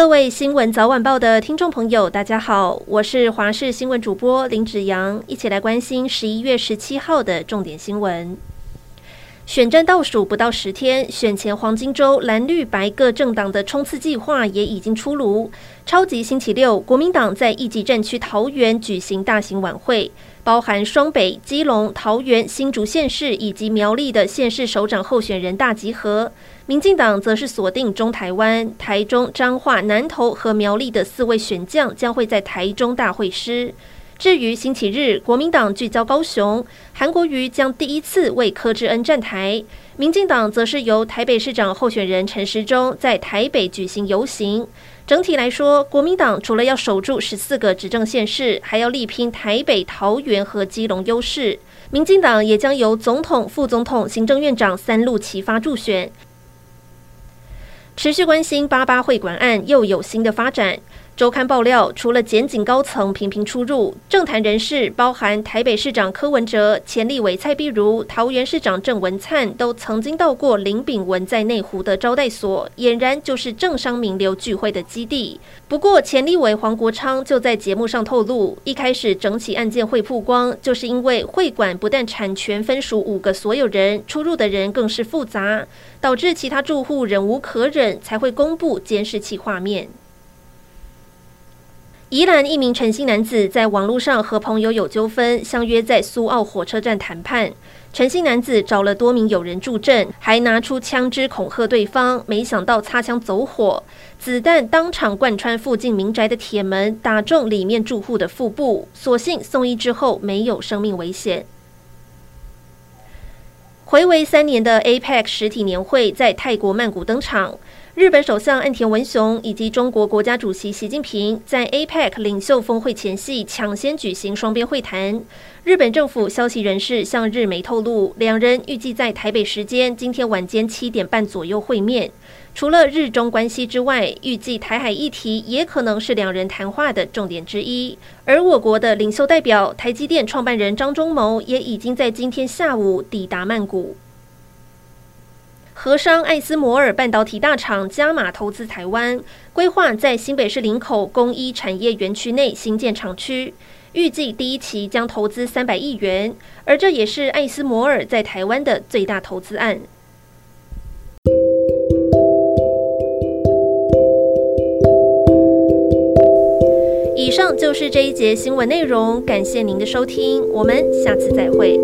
各位新聞早晚報的聽眾朋友，大家好，我是華視新聞主播林子陽，一起來關心十一月十七號的重點新聞。選戰倒數不到十天，選前黃金周藍綠白各政黨的衝刺計劃也已經出爐。超級星期六，國民黨在一級戰區桃園舉行大型晚會，包含雙北、基隆、桃園、新竹縣市以及苗栗的縣市首長候選人大集合。民進黨則是鎖定中台灣、台中、彰化、南投和苗栗的四位選將，將會在台中大會師。至於星期日，國民黨聚焦高雄，韓國瑜將第一次為柯志恩站台；民進黨則是由台北市長候選人陳時中在台北舉行遊行。整體來說，國民黨除了要守住十四個執政縣市，還要力拼台北、桃園和基隆優勢；民進黨也將由總統、副總統、行政院長三路齊發助選。持續關心八八會館案，又有新的發展。週刊爆料，除了檢警高層頻頻出入，政壇人士，包含台北市長柯文哲、前立委蔡壁如、桃園市長鄭文燦，都曾經到過林炳文在內湖的招待所，儼然就是政商名流聚會的基地。不過，前立委黃國昌就在節目上透露，一開始整起案件會曝光，就是因為會館不但產權分屬五個所有人，出入的人更是複雜，導致其他住戶忍無可忍，才會公布監視器畫面。宜蘭一名陳姓男子在網絡上和朋友有糾紛，相約在蘇澳火車站談判。陳姓男子找了多名友人助陣，還拿出槍支恐嚇對方。沒想到擦槍走火，子彈當場貫穿附近民宅的鐵門，打中裡面住戶的腹部。所幸送醫之後沒有生命危險。暌違三年的 APEC 實體年會在泰國曼谷登場。日本首相岸田文雄以及中國國家主席習近平在 APEC 領袖峰會前夕搶先舉行雙邊會談。日本政府消息人士向日媒透露，兩人預計在台北時間今天晚間七點半左右會面。除了日中關係之外，預計台海議題也可能是兩人談話的重點之一。而我國的領袖代表台積電創辦人張忠謀也已經在今天下午抵達曼谷。荷商艾司摩爾半導體大廠加碼投資台灣，規劃在新北市林口工一產業園區內新建廠區，預計第一期將投資三百億元，而這也是艾司摩爾在台灣的最大投資案。以上就是這一節新聞內容，感謝您的收聽，我們下次再會。